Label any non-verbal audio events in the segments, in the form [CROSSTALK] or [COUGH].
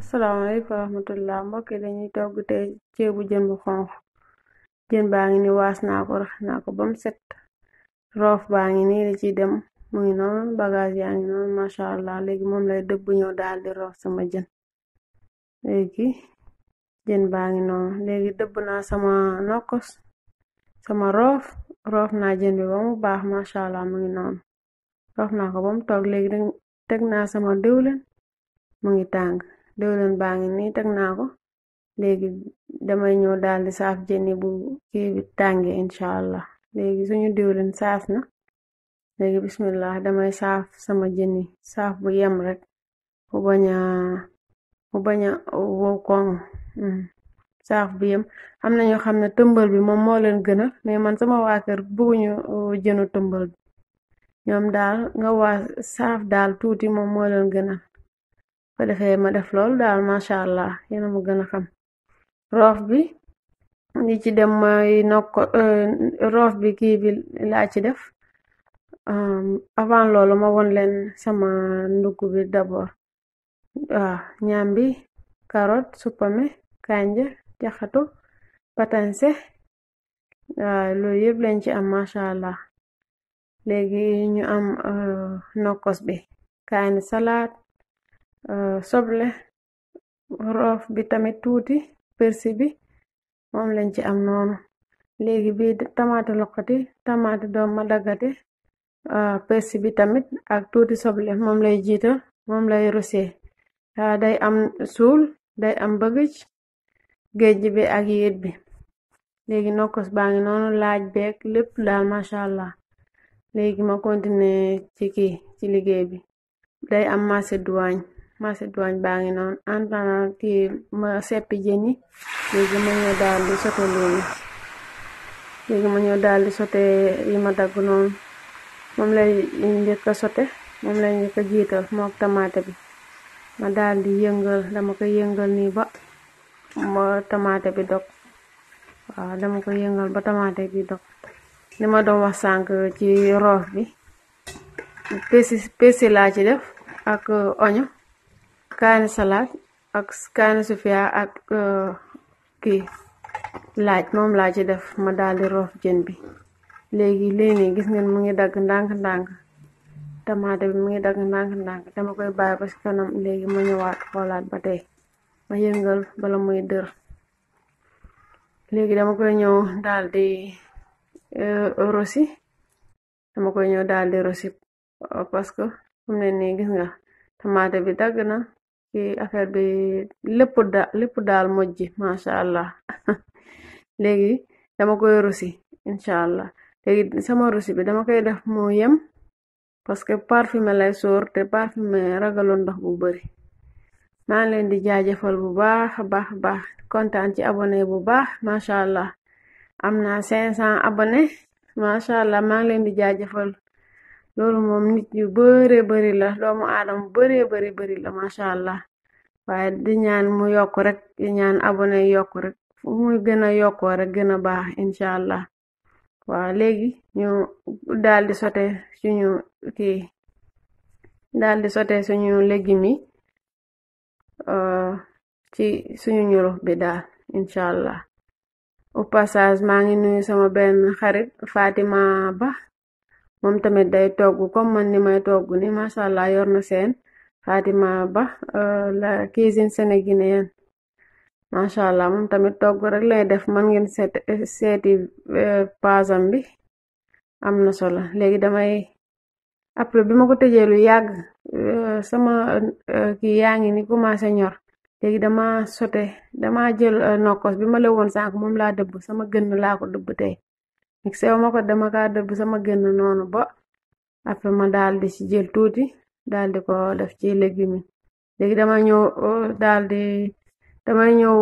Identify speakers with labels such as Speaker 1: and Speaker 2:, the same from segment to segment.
Speaker 1: asalaamaaleykum wa rahmatullah mbokk yi dañuy togg te ceebu jën bu xonq jën baa ngi ni waas naa ko rax ko ba set roof baa ngi nii ci dem mu ngi noonu bagage ya ngi noonu macha allah léegi moom lay dëbb ñëw daal di roof sama jën léegi jën baa ngi noonu léegi dëbb naa sama nokkos sama roof roof naa jën bi ba mu baax macha allah mu ngi noonu roof naa ko ba toog léegi teg naa sama diwlin mu ngi tàng diwlin baa ngi nii teg naa ko léegi damay ñëw daal di saaf jënni bu kii bi tàngee incha léegi suñu diwlin saaf na léegi bismillah damay saaf sama jeni saaf bu yem rek bu bañ a bu bañ a wow koŋ hmm. saaf bu yem am na ñoo xam ne bi moom moo leen gën a mais man sama waa kër jenu uh, jënu tëmbal bi ñoom daal nga waa saaf daal tuuti moom moo leen gën ko defee ma def loolu daal macha allah yéena ma gën a xam roof bi li ci dem mooy nokko euh, bi kii laa ci def euh, avant loolu ma won leen sama ndugg bi d'abord waaw ñaambi carotte supame kanja jaxatu patanse waaw loolu yëpp lañ ci am macha allah léegi ñu am euh, nokkos bi kaani salaat Eh, soble rof bi tamit tuuti persi bi moom lañ ci am noonu léegi bi tamaate loxati tamaate doom ma daggate eh, persi bi tamit ak tuuti soble moom lay jiital moom lay rosee eh, day am suul day am bëggëj géejj bi ak yéet bi léegi nokkos baa ngi noonu laaj beeg lépp daal machallah léegi ma continue ci kii ci liggéey bi day am marché douwaañe marché douane baa ngi noonu en tant que ma seppi jën yi léegi ma ñëw daal di sote loolu léegi ma ñëw daal di sote yi ma dagg noonu moom lay njëkk a sote moom lay njëkk a jiital mook tamaate bi ma daal di yëngal dama ko yëngal nii ba ba tamaate bi dog waaw dama ko yëngal ba tamaate bi dog li ma doon wax sànq ci roof bi pesi pesi laa ci def ak oño kaane salat ak kaane sufia ak eh, ki laaj mom laa def ma daal rof roof bi léegi leni gis ngeen mu ngi dag ndank ndank tamaate bi mu ngi dag ndank ndank dama koy baye ba ci kanam léegi ma ñëwaat xolaat ba tay ma yengal bala muy deur léegi dama koy ñew daal di eh, rosi dama koy ñew daal di rosi parce que xam ne gis nga tamate bi dag na ci affaire bi lépp da lépp daal mojji macha allah [LAUGHS] léegi dama koy rusi incha allah léegi sama rusi bi dama koy def mu yem parce que parfumé lay sóor te parfumé ragaloon ndox bu bari maa ngi leen di jaajëfal bu baax baax baax kontaan ci abonné bu baax macha allah am na 500 abonné macha allah maa ngi leen di jaajëfal loolu moom nit yu bare bari la doomu aadama bare bari bari la macha allah waaye di ñaan mu yokk rek di ñaan abonné yokk rek fu muy gën a yokkoo rek gën a baax incha allah waaw léegi ñu daal di sote suñu ki daldi di sote suñu légumes yi uh, ci suñu ñurux bi daal incha allah au passage maa ngi nuyu sama benn xarit Fatima Ba moom tamit day toog comme man ni may toog ni macha allah yor na seen Fatima Ba euh, la cuisine sénégalaise macha allah moom tamit toog rek lay def man ngeen seet seeti euh, paasam bi am na solo léegi damay après bi ma ko tëjee lu yàgg euh, sama kii yaa ngi ni commencé ñor léegi dama sote dama jël nokkos bi ma la woon sànq moom laa dëbb sama gën laa ko dëbb tey ek sewo mako dema ka debbi sama genne noonu ba afe ma daldi ci jël tuuti daldi ko def ci legimi legi dama ñëw daldi damay ñëw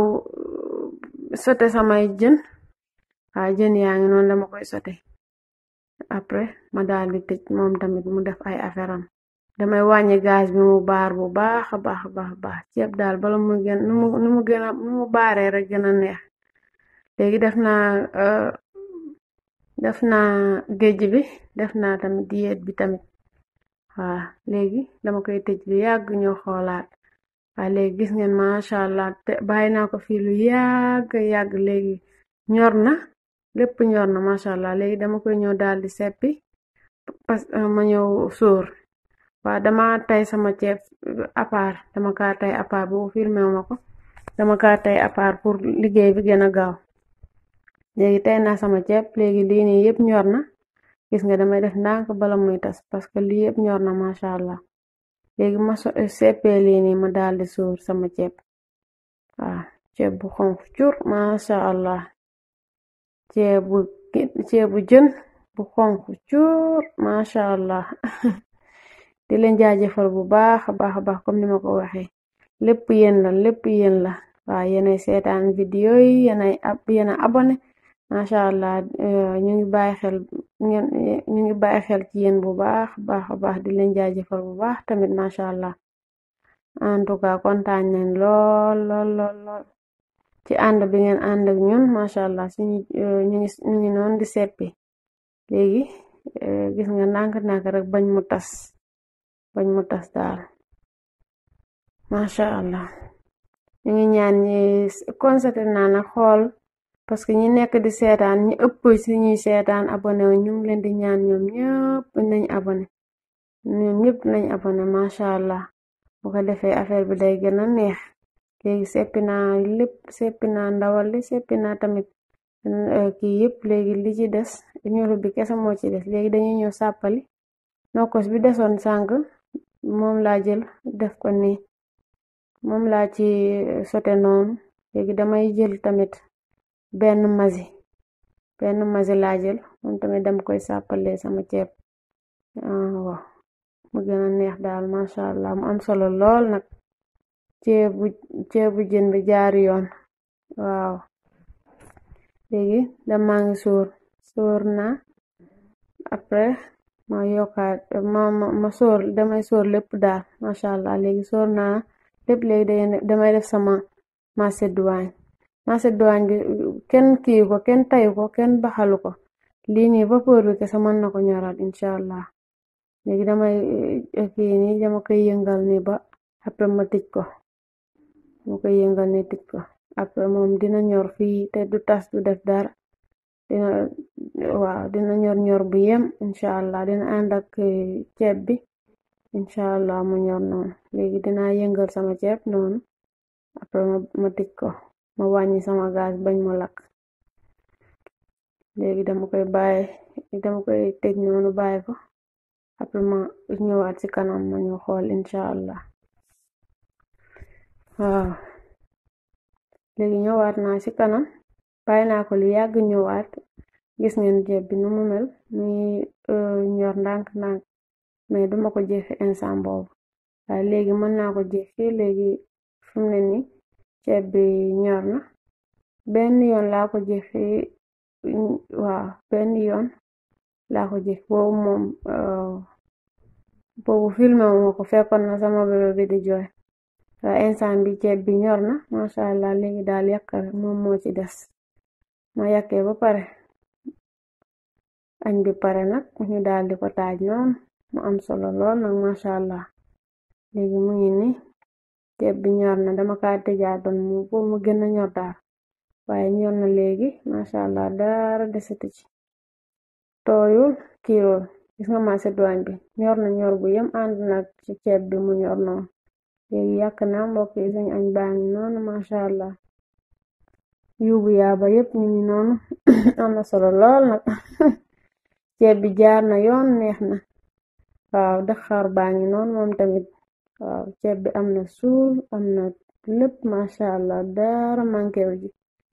Speaker 1: sote samay jën a jën yaa ngi noonu dama koy sote après ma daldi tëj moom tamit mu def ay affaiream damay wàññi gaz bi mu baar bu baaxa baax baax baax ceeb daal bala mu gën nu mu gën a nu mu baaree rek gën a neex léegi def naa euh, def naa géej bi def naa tamit diet bi tamit waaw léegi dama koy tëj lu yàgg ñoo xoolaat waaw léegi gis ngeen macha allah te bàyyi naa ko fii lu yàgg yàgg léegi ñor na lépp ñor na macha allah léegi dama koy ñëw daal di seppi parce euh, que ma ñëw sóor waaw dama tay sama ceeb euh, à dama kaa tay à part boobu ma ko dama kaa tay à pour liggéey bi gën a gaaw léegi tay na sama ceeb legi li ni yëpp ñorna na gis nga damay def ndank bala muy tass parce que li yëpp ñorna na sha allah legi ma CP eh, li ni ma dal di sour sama ceeb waaw ceeb bu xonk ma sha allah ceebu bu jën bu xonk ma sha allah di leen jaajëfal bu baax baax baax comme ni ko waxee lepp yeen la lepp yeen la wa yéenay ya setan video yi yéenay ya ab yéen ya abonné macha eh, ñu ngi bàyyi xel ngeen ñu ngi bàyyi xel ci yéen bu baax baax baax di leen jaajëfal bu baax tamit macha en tout cas kontaan nañ lool lool lool lool ci ànd bi ngeen ànd ak ñun macha allah suñu eh, ñu ngi ñu ngi noonu di seppi léegi eh, gis nga ndànk-ndànk rek bañ mu tas bañ mu tas daal macha ñu ngi ñaan ñi concerté naa nag xool. parce que ñi nekk di seetaan ñi ëpp si ñuy seetaan abonné ñu ngi leen di ñaan ñoom ñëpp nañ abonné ñoom ñëpp nañ abonné macha allah bu ko defee affaire bi day gën neex léegi seppi naa lépp seppi naa ndawal seppi naa tamit eh, kii yëpp léegi li ci des ñoru bi kese moo ci des léegi dañuy ñëw sàppali nokkos bi desoon sànq moom laa jël def ko ni moom laa ci eh, sote noonu léegi damay jël tamit benn mazi benn mazi laa jël moom tamit dama koy sàppale sama ceeb ah, waaw mu gën a neex daal macha allah mu am solo lool nag ceebu ceebu jën bi jaar yoon waaw léegi damaa ngi suur suur na après ma yokkaat ma ma soor damay soor lépp daal macha allah léegi soor naa lépp léegi damay def sama macédoine Macedowaa doang kenn kiyu ko kenn tay ko kenn baxalu ko lii nii ba bi kese mën na ko ñoral inshaallah léegi damay kii eh, eh, nii dama koy yëngal ni ba après ma tëj ko dama koy yëngal ni ko après moom dina ñor fii te du tas du def dara dina waaw dina ñor ñor bu yem inshallah dina ànd ak eh, ceeb bi inshallah mu ñor noonu léegi dina yëngal sama ceeb noonu après ma ko ma wàññi sama gaas bañ mu lakk léegi dama koy bàyyi dama koy tëj noonu bàyyi ko après ma ñëwaat ci kanam ma xool incha allah waaw léegi ñëwaat naa ci kanam bàyyi naa ko li yàgg ñëwaat gis ngeen jeeb bi nu mu mel muy euh, ñor ndànk-ndànk mais duma ko jeexi instant boobu waaye léegi mën naa ko jeexi léegi fi ne nii ceeb bi ñor na benn yoon laa ko jëfe waaw yoon laa ko jëf boobu moom euh, boobu filmé ko fekkoon na sama bébé bi di jooy waaye instant bi ceeb bi ñor na macha allah léegi daal yàkkal moom moo ci des ma yàkkee ba pare añ bi pare nag ñu daal di ko taaj noonu mu am solo lool nag allah léegi mu ngi nii ceeb bi ñor na dama kaa tëjaatoon mu pour mu gën a ñor daal waaye ñor na léegi macha allah dara desati ci tooyul kiirool gis nga macédoine bi ñor na ñor bu yem ànd ci ceeb bi mu ñor noonu léegi yàq na mbokk yi suñu añ baa noonu macha allah yuubu yaaba yépp ñu ngi [COUGHS] na solo lool nag [LAUGHS] ceeb bi jaar na yoon neex na waaw daxar baa ngi moom tamit waaw ceeb bi am na suur am na lépp macha allah dara manqué wu ji